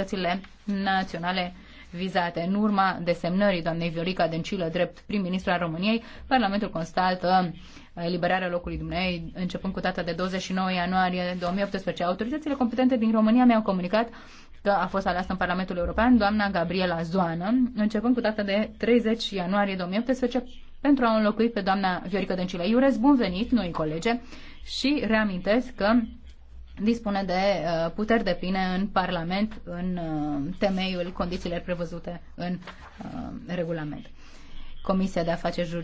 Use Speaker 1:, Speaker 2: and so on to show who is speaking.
Speaker 1: autoritățile naționale vizate. În urma desemnării doamnei Viorica Dencilă drept prim-ministru al României, Parlamentul constată uh, eliberarea locului dumnei începând cu data de 29 ianuarie 2018. Autoritățile competente din România mi-au comunicat că a fost aleasă în Parlamentul European doamna Gabriela Zoană, începând cu data de 30 ianuarie 2018, pentru a înlocui pe doamna Viorica Dencilă. Iurez, bun venit, noi colege, și reamintesc că dispune de uh, puteri de pline în Parlament în uh, temeiul condițiilor prevăzute în uh, regulament.
Speaker 2: Comisia de Afaceri Juridice